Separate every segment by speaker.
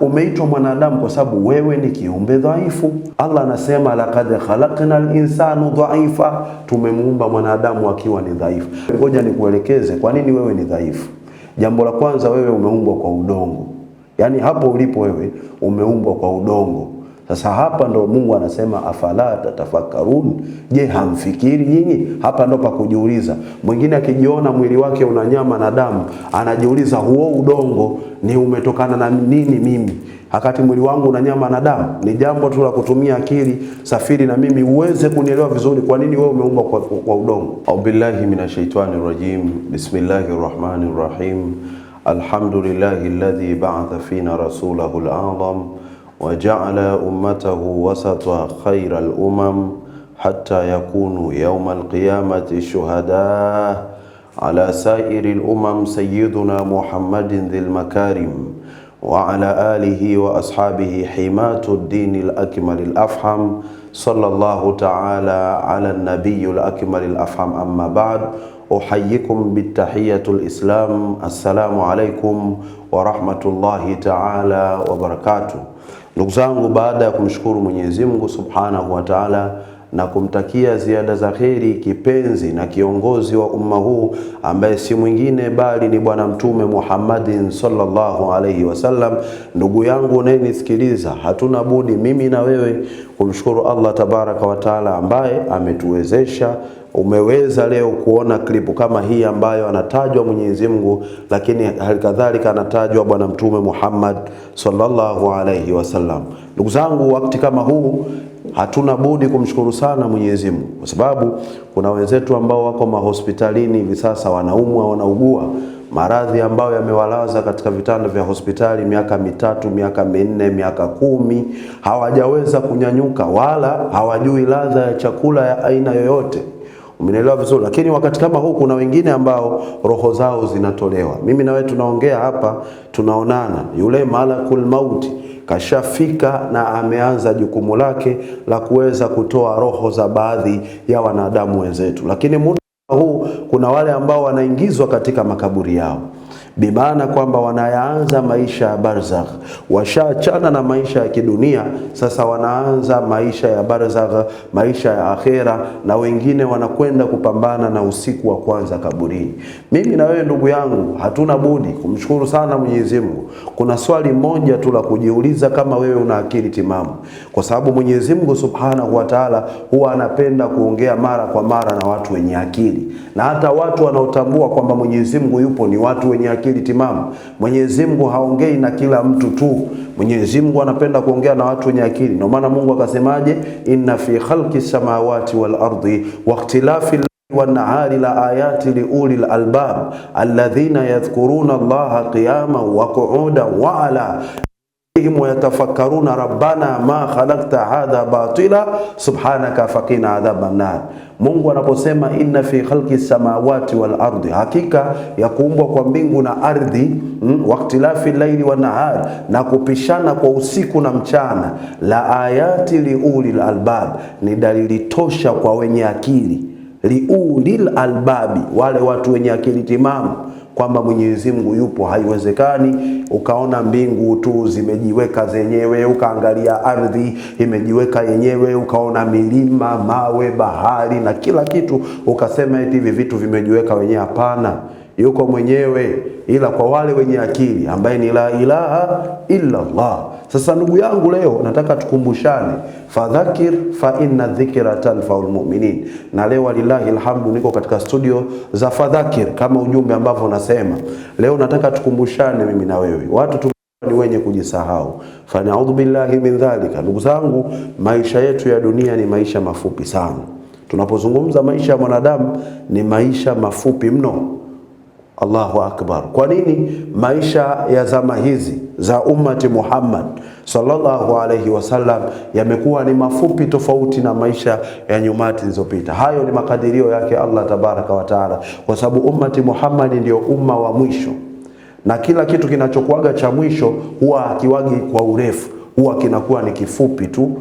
Speaker 1: umeitwa mwanadamu kwa sababu wewe ni kiumbe dhaifu. Allah anasema laqad khalaqna linsanu dhaifa, tumemuumba mwanadamu akiwa ni dhaifu. Ngoja nikuelekeze kwa nini wewe ni dhaifu. Jambo la kwanza, wewe umeumbwa kwa udongo, yaani hapo ulipo wewe umeumbwa kwa udongo sasa hapa ndo Mungu anasema afala tatafakkarun, je, hamfikiri nyinyi? Hapa ndo pa kujiuliza. Mwingine akijiona mwili wake una nyama na damu, anajiuliza huo udongo ni umetokana na nini mimi wakati mwili wangu una nyama na damu? Ni jambo tu la kutumia akili. Safiri na mimi uweze kunielewa vizuri, kwa nini wewe umeumbwa kwa, kwa udongo.
Speaker 2: Aubillahi minashaitani rajim, bismillahi rahmani rahim, alhamdulillahi alladhi ba'atha fina rasulahu al-azam وجعل أمته وسط خير الأمم حتى يكونوا يوم القيامة شهداء على سائر الأمم سيدنا محمد ذي المكارم وعلى آله وأصحابه حماة الدين الأكمل الأفحم صلى الله تعالى على النبي الأكمل الأفحم أما بعد أحييكم بالتحية الإسلام السلام عليكم ورحمة الله تعالى وبركاته Ndugu zangu, baada ya kumshukuru Mwenyezi Mungu Subhanahu wa Ta'ala na kumtakia ziada za kheri kipenzi na kiongozi wa umma huu ambaye si mwingine bali ni Bwana Mtume Muhammadin sallallahu alaihi wasallam. Ndugu yangu unayenisikiliza, hatuna budi mimi na wewe kumshukuru Allah tabaraka wa taala ambaye ametuwezesha umeweza leo kuona klipu kama hii ambayo anatajwa Mwenyezi Mungu, lakini halikadhalika anatajwa Bwana Mtume Muhammad sallallahu alayhi wasallam. Ndugu zangu, wakati kama huu hatuna budi kumshukuru sana Mwenyezi Mungu kwa sababu kuna wenzetu ambao wako mahospitalini hivi sasa, wanaumwa, wanaugua maradhi ambayo yamewalaza katika vitanda vya hospitali miaka mitatu, miaka minne, miaka kumi, hawajaweza kunyanyuka wala hawajui ladha ya chakula ya aina yoyote. Umenielewa vizuri? Lakini wakati kama huu kuna wengine ambao roho zao zinatolewa. Mimi na wewe tunaongea hapa, tunaonana. Yule malakul mauti kashafika na ameanza jukumu lake la kuweza kutoa roho za baadhi ya wanadamu wenzetu, lakini muda huu kuna wale ambao wanaingizwa katika makaburi yao bimaana kwamba wanayaanza maisha ya barzakh, washaachana na maisha ya kidunia. Sasa wanaanza maisha ya barzakh, maisha ya akhera, na wengine wanakwenda kupambana na usiku wa kwanza kaburini. Mimi na wewe ndugu yangu, hatuna budi kumshukuru sana Mwenyezi Mungu. Kuna swali moja tu la kujiuliza, kama wewe una akili timamu, kwa sababu Mwenyezi Mungu Subhanahu wa Ta'ala huwa anapenda kuongea mara kwa mara na watu wenye akili, na hata watu wanaotambua kwamba Mwenyezi Mungu yupo ni watu wenye akili akili timamu. Mwenyezi Mungu haongei na kila mtu tu. Mwenyezi Mungu anapenda kuongea na watu wenye akili. Ndio maana Mungu akasemaje, inna fi khalqi samawati wal ardi waqtilafi wanahari la ayati liuli lalbab alladhina yadhkuruna allaha qiyaman wa qu'udan wa ala wayatafakaruna rabbana ma khalaqta hadha batila subhanaka faqina adhaban nar. Mungu anaposema inna fi khalqi samawati wal ardi, hakika ya kuumbwa kwa mbingu na ardhi, mm, waktilafi laili wa nahar, na kupishana kwa usiku na mchana, la ayati liuli albab, ni dalili tosha kwa wenye akili. liuli albabi, wale watu wenye akili timamu kwamba Mwenyezi Mungu yupo, haiwezekani. Ukaona mbingu tu zimejiweka zenyewe, ukaangalia ardhi imejiweka yenyewe, ukaona milima, mawe, bahari na kila kitu, ukasema eti hivi vitu vimejiweka wenyewe. Hapana, yuko mwenyewe ila kwa wale wenye akili, ambaye ni la ilaha illa Allah. Sasa ndugu yangu, leo nataka tukumbushane, fadhakir fa inna dhikra tanfaul mu'minin. Na leo walilahi alhamdu, niko katika studio za fadhakir kama ujumbe ambavyo unasema leo, nataka tukumbushane mimi na wewe watu tu ni wenye kujisahau, fanaudhu billahi min dhalika. Ndugu zangu, maisha yetu ya dunia ni maisha mafupi sana. Tunapozungumza maisha ya mwanadamu ni maisha mafupi mno. Allahu akbar. Kwa nini maisha ya zama hizi za ummati Muhammad sallallahu alayhi wasallam yamekuwa ni mafupi tofauti na maisha ya nyumati zilizopita? Hayo ni makadirio yake Allah tabaraka wa taala, kwa sababu ummati Muhammad ndio umma wa mwisho, na kila kitu kinachokuaga cha mwisho huwa hakiwagi kwa urefu, huwa kinakuwa ni kifupi tu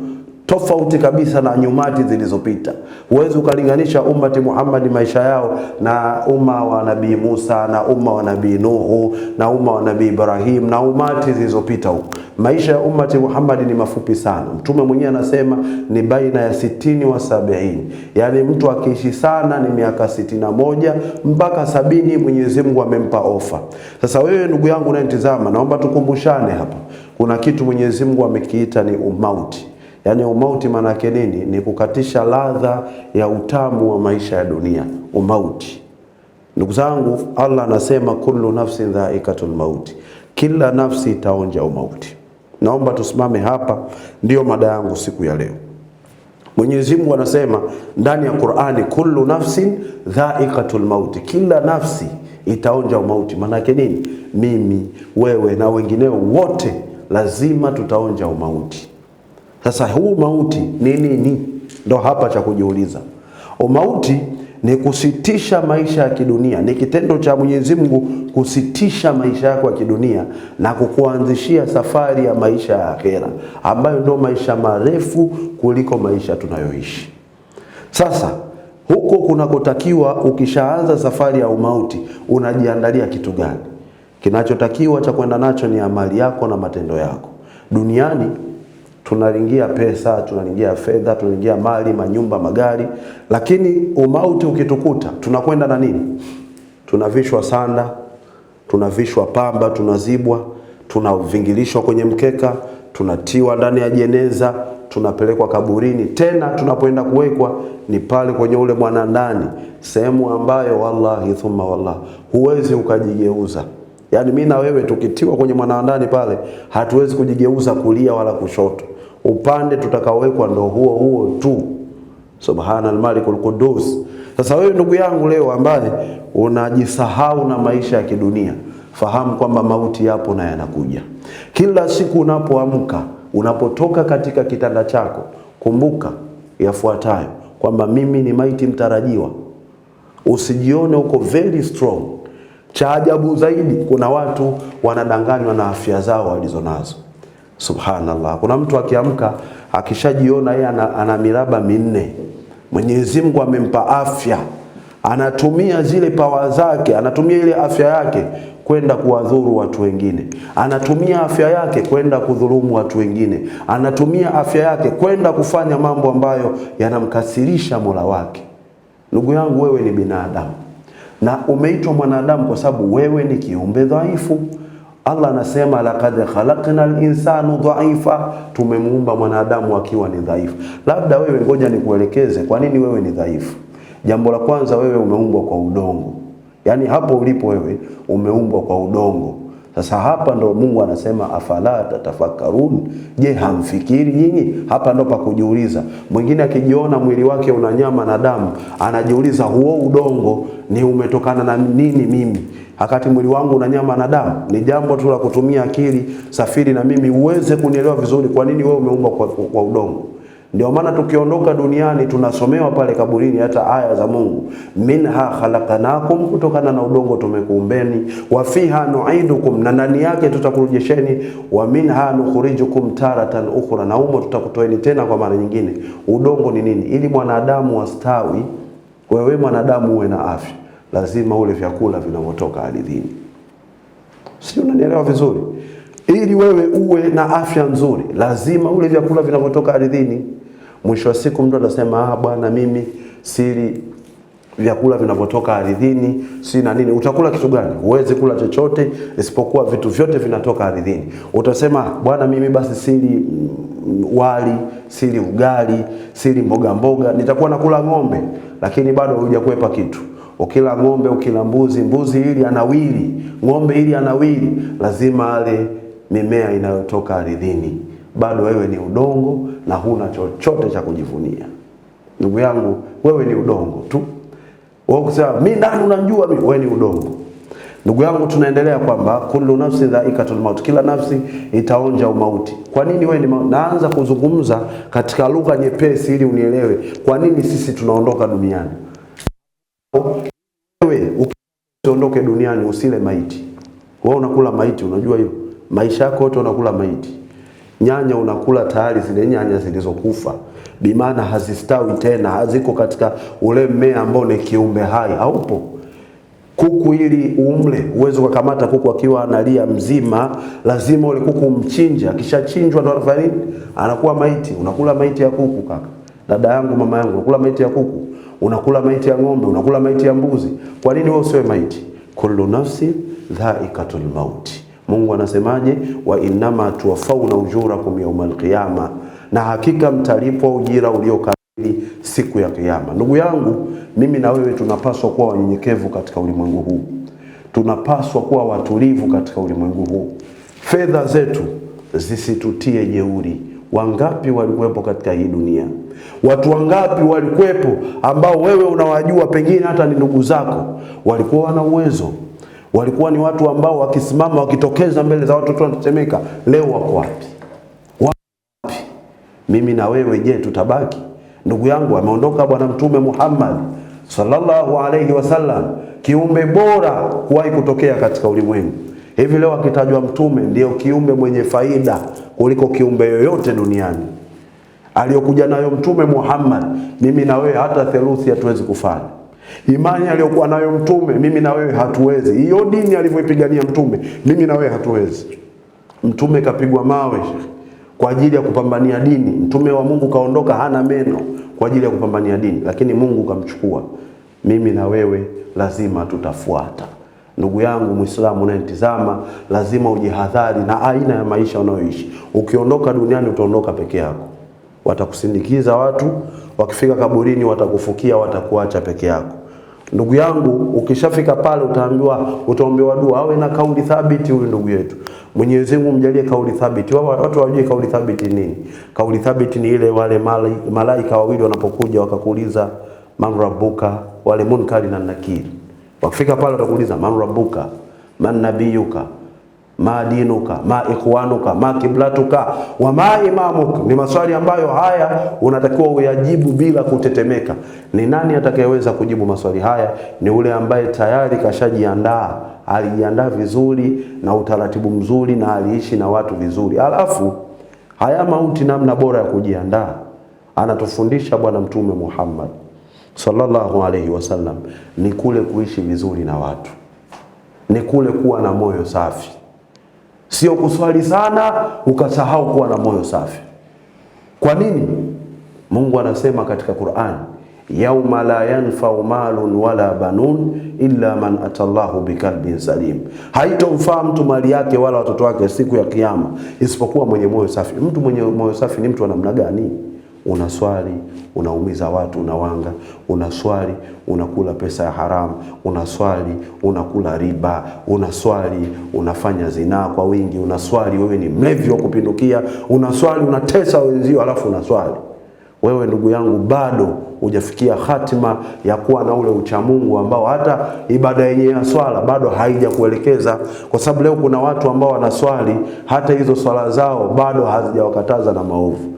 Speaker 2: tofauti kabisa na nyumati zilizopita. Huwezi ukalinganisha ummati Muhammad maisha yao na umma wa Nabii Musa na umma wa Nabii Nuhu na umma wa Nabii Ibrahim na umati zilizopita huko. Maisha ya ummati Muhammad ni mafupi sana. Mtume mwenyewe anasema ni baina ya sitini wa sabiini, yaani mtu akiishi sana ni miaka sitini na moja mpaka sabini, Mwenyezi Mungu amempa ofa. Sasa wewe ndugu yangu unayetizama naomba tukumbushane hapa, kuna kitu Mwenyezi Mungu amekiita ni umauti Yaani umauti yake nini? Ni kukatisha ladha ya utamu wa maisha ya dunia, umauti. Ndugu zangu, Allah anasema kullu nafsin dhaikatul mauti, kila nafsi itaonja umauti. Naomba tusimame hapa, ndiyo mada yangu siku ya leo. Mwenyezi Mungu anasema ndani ya Qur'ani, kullu nafsin dhaikatul mauti, kila nafsi itaonja umauti. yake nini? Mimi, wewe na wengineo wote lazima tutaonja umauti. Sasa huu mauti ni nini? Ndo hapa cha kujiuliza. Umauti ni kusitisha maisha ya kidunia, ni kitendo cha Mwenyezi Mungu kusitisha maisha yako ya kidunia na kukuanzishia safari ya maisha ya akhera, ambayo ndio maisha marefu kuliko maisha tunayoishi sasa. Huko kunakotakiwa ukishaanza safari ya umauti, unajiandalia kitu gani? Kinachotakiwa cha kwenda nacho ni amali yako na matendo yako duniani tunalingia pesa, tunalingia fedha, tunalingia mali, manyumba, magari, lakini umauti ukitukuta tunakwenda na nini? Tunavishwa sanda, tunavishwa pamba, tunazibwa, tunavingilishwa kwenye mkeka, tunatiwa ndani ya jeneza, tunapelekwa kaburini. Tena tunapoenda kuwekwa ni pale kwenye ule mwanandani, sehemu ambayo wallahi thumma wallahi huwezi ukajigeuza. Yaani mimi na wewe tukitiwa kwenye mwanandani pale, hatuwezi kujigeuza kulia wala kushoto upande tutakaowekwa ndo huo huo tu. Subhana almalikul qudus. Sasa wewe ndugu yangu leo ambaye unajisahau na maisha ya kidunia, fahamu kwamba mauti yapo na yanakuja kila siku. Unapoamka, unapotoka katika kitanda chako, kumbuka yafuatayo kwamba mimi ni maiti mtarajiwa. Usijione uko very strong. Cha ajabu zaidi, kuna watu wanadanganywa na afya zao walizonazo. Subhanallah, kuna mtu akiamka akishajiona yeye ana, ana miraba minne, Mwenyezi Mungu amempa afya, anatumia zile pawa zake, anatumia ile afya yake kwenda kuwadhuru watu wengine, anatumia afya yake kwenda kudhulumu watu wengine, anatumia afya yake kwenda kufanya mambo ambayo yanamkasirisha Mola wake. Ndugu yangu, wewe ni binadamu na umeitwa mwanadamu kwa sababu wewe ni kiumbe dhaifu. Allah anasema laqad khalaqna linsanu dhaifa, tumemuumba mwanadamu akiwa ni dhaifu. Labda wewe, ngoja nikuelekeze kwa nini wewe ni dhaifu. Jambo la kwanza, wewe umeumbwa kwa udongo, yaani hapo ulipo wewe umeumbwa kwa udongo. Sasa hapa ndo Mungu anasema afala tatafakkarun, je, hamfikiri nyinyi? Hapa ndo pa kujiuliza. Mwingine akijiona mwili wake una nyama na damu, anajiuliza huo udongo ni umetokana na nini mimi akati mwili wangu una nyama na damu? Ni jambo tu la kutumia akili, safiri na mimi uweze kunielewa vizuri, kwa nini wewe umeumbwa kwa, kwa udongo. Ndio maana tukiondoka duniani tunasomewa pale kaburini hata aya za Mungu, minha khalaqnakum, kutokana na udongo tumekuumbeni, wa fiha nuidukum, na ndani yake tutakurejesheni wa minha nukhrijukum taratan ukhra, na umo tutakutoeni tena kwa mara nyingine. Udongo ni nini? Ili mwanadamu wastawi, wewe mwanadamu uwe na afya lazima ule vyakula vinavyotoka ardhini. Si unanielewa vizuri? Ili wewe uwe na afya nzuri, lazima ule vyakula vinavyotoka ardhini. Mwisho wa siku mtu anasema ah, bwana mimi sili vyakula vinavyotoka ardhini si na nini. Utakula kitu gani? Huwezi kula chochote isipokuwa vitu vyote vinatoka ardhini. Utasema bwana, mimi basi sili mm, wali, sili ugali, sili mboga mboga, nitakuwa nakula ng'ombe, lakini bado hujakwepa kitu. Ukila ng'ombe, ukila mbuzi, mbuzi ili anawili, ng'ombe ili anawili, lazima ale mimea inayotoka ardhini. Bado wewe ni udongo na huna chochote cha kujivunia. Ndugu yangu, wewe ni udongo tu. Wewe kusema mimi nani unamjua mimi? Wewe ni udongo. Ndugu yangu, tunaendelea kwamba kullu nafsi dhaikatul maut, kila nafsi itaonja umauti. Kwa nini wewe ni Naanza kuzungumza katika lugha nyepesi ili unielewe, kwa nini sisi tunaondoka duniani. Usiondoke duniani usile maiti. Wewe unakula maiti, unajua hiyo? Maisha yako yote unakula maiti. Nyanya unakula tayari, zile nyanya zilizokufa, bimaana hazistawi tena, haziko katika ule mmea ambao ni kiumbe hai, haupo. Kuku ili umle, uweze kukamata kuku akiwa analia mzima, lazima ule kuku umchinje. Akishachinjwa ndo anafanya nini? Anakuwa maiti. Unakula maiti ya kuku, kaka, dada yangu, mama yangu, unakula maiti ya kuku unakula maiti ya ng'ombe, unakula maiti ya mbuzi. Kwa nini wewe usiwe maiti? Kullu nafsi dhaikatul mauti. Mungu anasemaje? wa innama tuwafauna ujurakum yaumal qiyama, na hakika mtalipwa ujira uliokamili siku ya Kiyama. Ndugu yangu, mimi na wewe tunapaswa kuwa wanyenyekevu katika ulimwengu huu, tunapaswa kuwa watulivu katika ulimwengu huu. Fedha zetu zisitutie jeuri Wangapi walikuwepo katika hii dunia? Watu wangapi walikuwepo ambao wewe unawajua, pengine hata ni ndugu zako, walikuwa wana uwezo, walikuwa ni watu ambao wakisimama, wakitokeza mbele za watoto wanatetemeka. Leo wako wapi? Wapi? Mimi na wewe, je, tutabaki? Ndugu yangu, ameondoka Bwana Mtume Muhammad sallallahu alaihi wasallam, kiumbe bora kuwahi kutokea katika ulimwengu. Hivi leo akitajwa mtume ndiyo kiumbe mwenye faida kuliko kiumbe yoyote duniani. Aliyokuja nayo Mtume Muhammad, mimi na wewe hata theluthi hatuwezi kufanya. Imani aliyokuwa nayo Mtume, mimi na wewe hatuwezi. Hiyo dini alivyoipigania Mtume, mimi na wewe hatuwezi. Mtume kapigwa mawe kwa ajili ya kupambania dini. Mtume wa Mungu kaondoka hana meno kwa ajili ya kupambania dini, lakini Mungu kamchukua. Mimi na wewe lazima tutafuata. Ndugu yangu Muislamu unayetizama, lazima ujihadhari na aina ya maisha unayoishi. Ukiondoka duniani utaondoka peke yako, watakusindikiza watu, wakifika kaburini watakufukia, watakuacha peke yako. Ndugu yangu, ukishafika pale utaambiwa, utaombewa dua, awe na kauli thabiti huyu ndugu yetu. Mwenyezi Mungu mjalie kauli thabiti. Watu wajue kauli thabiti nini? Kauli thabiti ni ile, wale malaika wawili wanapokuja wakakuuliza man rabbuka, wale Munkari na Nakiri Wakifika pale watakuuliza man rabbuka, man nabiyuka, ma dinuka, ma ikhwanuka, ma kiblatuka wa ma imamuk. Ni maswali ambayo haya unatakiwa uyajibu bila kutetemeka. Ni nani atakayeweza kujibu maswali haya? Ni ule ambaye tayari kashajiandaa, alijiandaa vizuri na utaratibu mzuri na aliishi na watu vizuri. Alafu haya mauti, namna bora ya kujiandaa anatufundisha Bwana Mtume Muhammad sallallahu alaihi wasallam ni kule kuishi vizuri na watu, ni kule kuwa na moyo safi, sio kuswali sana ukasahau kuwa na moyo safi. Kwa nini? Mungu anasema katika Qur'ani, yauma la yanfau malun wala banun illa man atallahu bikalbin salim, haitomfaa mtu mali yake wala watoto wake siku ya Kiyama isipokuwa mwenye moyo safi. Mtu mwenye moyo safi ni mtu wa namna gani? unaswali unaumiza watu, unawanga, unaswali unakula pesa ya haramu, unaswali unakula riba, unaswali unafanya zinaa kwa wingi, unaswali wewe ni mlevi wa kupindukia, unaswali unatesa wenzio, alafu unaswali wewe ndugu yangu bado hujafikia hatima ya kuwa na ule uchamungu ambao hata ibada yenyewe ya swala bado haijakuelekeza, kwa sababu leo kuna watu ambao wanaswali hata hizo swala zao bado hazijawakataza na maovu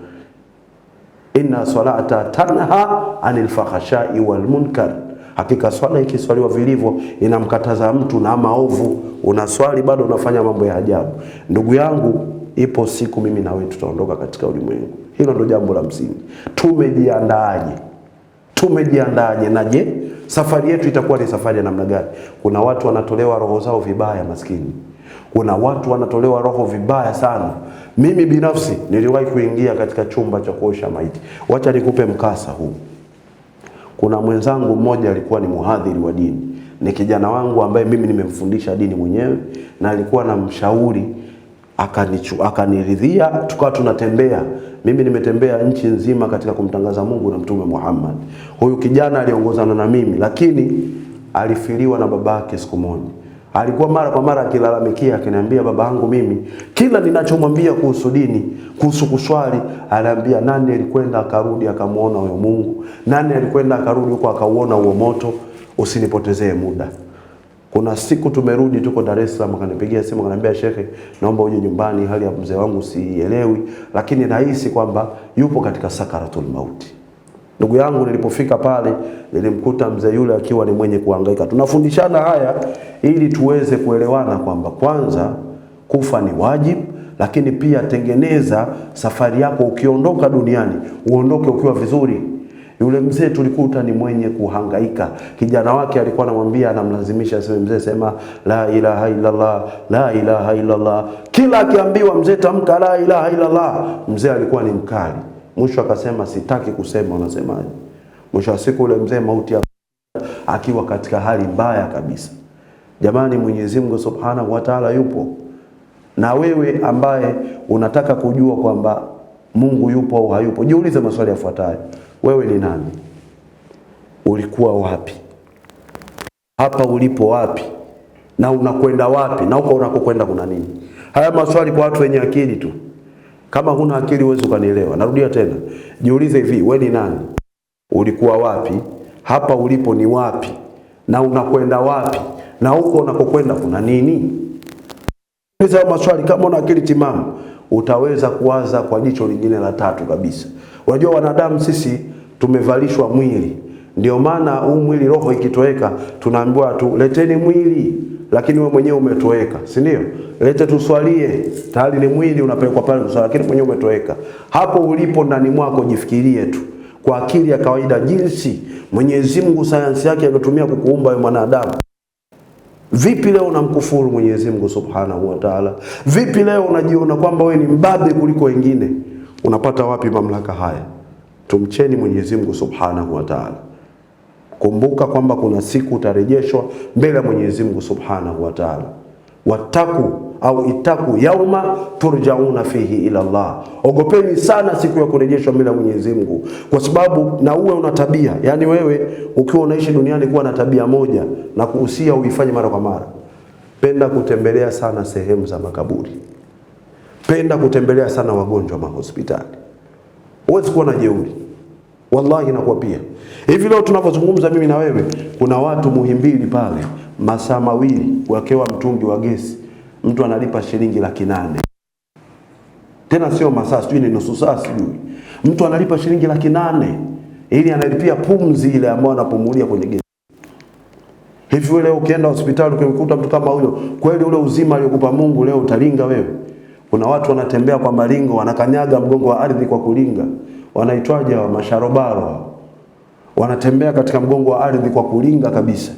Speaker 2: inna salata tanha anil fahashai wal munkar, hakika swala ikiswaliwa vilivyo inamkataza mtu na maovu. Unaswali bado unafanya mambo ya ajabu. Ndugu yangu, ipo siku mimi na wewe tutaondoka katika ulimwengu. Hilo ndo jambo la msingi. Tumejiandaaje? Tumejiandaaje? na je, safari yetu itakuwa ni safari ya namna gani? Kuna watu wanatolewa roho zao vibaya, maskini kuna watu wanatolewa roho vibaya sana. Mimi binafsi niliwahi kuingia katika chumba cha kuosha maiti. Wacha nikupe mkasa huu. Kuna mwenzangu mmoja alikuwa ni mhadhiri wa dini, ni kijana wangu ambaye mimi nimemfundisha dini mwenyewe, na alikuwa na mshauri akaniridhia, tukawa tunatembea. Mimi nimetembea nchi nzima katika kumtangaza Mungu na Mtume Muhammad. Huyu kijana aliongozana na mimi, lakini alifiliwa na babake siku moja Alikuwa mara kwa mara akilalamikia akiniambia, baba yangu mimi kila ninachomwambia kuhusu dini, kuhusu kuswali, anaambia nani alikwenda akarudi akamuona huyo Mungu, nani alikwenda akarudi huko akauona huo moto, usinipotezee muda. Kuna siku tumerudi tuko Dar es Salaam, akanipigia simu akaniambia, shekhe, naomba uje nyumbani, hali ya mzee wangu siielewi, lakini nahisi kwamba yupo katika sakaratul mauti. Ndugu yangu nilipofika pale nilimkuta mzee yule akiwa ni mwenye kuhangaika. Tunafundishana haya ili tuweze kuelewana kwamba kwanza kufa ni wajibu, lakini pia tengeneza safari yako, ukiondoka duniani uondoke ukiwa vizuri. Yule mzee tulikuta ni mwenye kuhangaika. Kijana wake alikuwa anamwambia, anamlazimisha aseme, mzee sema la ilaha illallah, la ilaha illallah. Kila akiambiwa mzee tamka la ilaha illallah, mzee alikuwa ni mkali. Mwisho akasema sitaki kusema, unasemaje? Mwisho wa siku ule mzee mauti ya akiwa katika hali mbaya kabisa. Jamani, Mwenyezi Mungu Subhanahu wa Ta'ala yupo na wewe ambaye unataka kujua kwamba Mungu yupo au hayupo, jiulize maswali yafuatayo: wewe ni nani? Ulikuwa wapi? Hapa ulipo wapi? Na unakwenda wapi? Na huko unakokwenda kuna nini? Haya maswali kwa watu wenye akili tu. Kama huna akili huwezi ukanielewa. Narudia tena, jiulize hivi, we ni nani? Ulikuwa wapi? Hapa ulipo ni wapi? Na unakwenda wapi? Na huko unakokwenda kuna nini? Uliza maswali. Kama una akili timamu utaweza kuwaza kwa jicho lingine la tatu kabisa. Unajua wanadamu sisi tumevalishwa mwili, ndio maana huu mwili, roho ikitoweka tunaambiwa tu leteni mwili, lakini wewe mwenyewe umetoweka, si ndio? lete tuswalie, tayari ni mwili unapelekwa pale kuswali, lakini mwenyewe umetoweka. Hapo ulipo ndani mwako jifikirie tu kwa akili ya kawaida, jinsi Mwenyezi Mungu sayansi yake ametumia kukuumba wewe mwanadamu. Vipi leo unamkufuru Mwenyezi Mungu Subhanahu wa Ta'ala? Vipi leo unajiona kwamba wewe ni mbabe kuliko wengine? Unapata wapi mamlaka haya? Tumcheni Mwenyezi Mungu Subhanahu wa Ta'ala. Kumbuka kwamba kuna siku utarejeshwa mbele ya Mwenyezi Mungu Subhanahu wa Ta'ala wataku au itaku yauma turjauna fihi ila Allah, ogopeni sana siku ya kurejeshwa mbele ya Mwenyezi Mungu. Kwa sababu na uwe una tabia, yani wewe ukiwa unaishi duniani kuwa na tabia moja na kuhusia uifanye mara kwa mara. Penda kutembelea sana sehemu za makaburi, penda kutembelea sana wagonjwa mahospitali. uwezi kuwa na jeuri, wallahi nakuwa pia hivi. Leo tunavyozungumza mimi na wewe, kuna watu Muhimbili pale masaa mawili wakewa mtungi wa gesi, mtu analipa shilingi laki nane tena sio masaa, sijui ni nusu saa, sijui mtu analipa shilingi laki nane ili analipia pumzi ile ambayo anapumulia kwenye gesi. Hivyo leo ukienda hospitali ukimkuta mtu kama huyo, kweli ule uzima aliyokupa Mungu leo utalinga wewe? Kuna watu wanatembea kwa malingo, wanakanyaga mgongo wa ardhi kwa kulinga, wanaitwaje? Masharobaro wanatembea katika mgongo wa ardhi kwa kulinga kabisa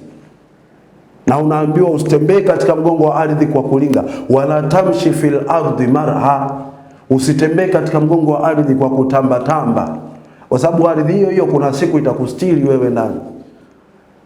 Speaker 2: na unaambiwa usitembee katika mgongo wa ardhi kwa kulinga, wala tamshi fil ardhi marha, usitembee katika mgongo wa ardhi kwa kutambatamba, kwa sababu ardhi hiyo hiyo kuna siku itakustiri wewe ndani.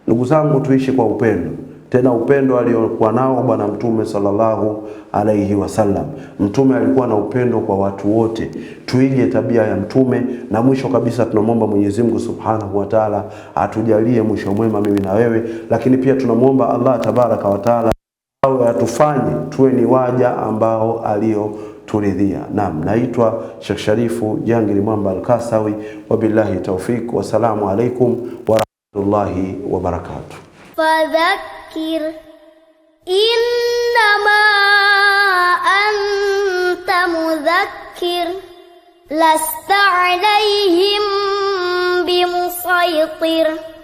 Speaker 2: Ndugu zangu, tuishi kwa upendo tena upendo aliokuwa nao Bwana Mtume sallallahu alaihi wasallam. Mtume alikuwa na upendo kwa watu wote, tuige tabia ya Mtume. Na mwisho kabisa, tunamwomba Mwenyezi Mungu subhanahu wa taala atujalie mwisho mwema mimi na wewe, lakini pia tunamwomba Allah tabaraka wa taala awe atufanye tuwe ni waja ambao alio turidhia. Naam, naitwa Sheikh Sharifu Jangili Mwamba Al-Kasawi, wabillahi tawfik, wassalamu alaikum warahmatullahi wabarakatuh. فذكر إنما أنت مذكر لست عليهم بمسيطر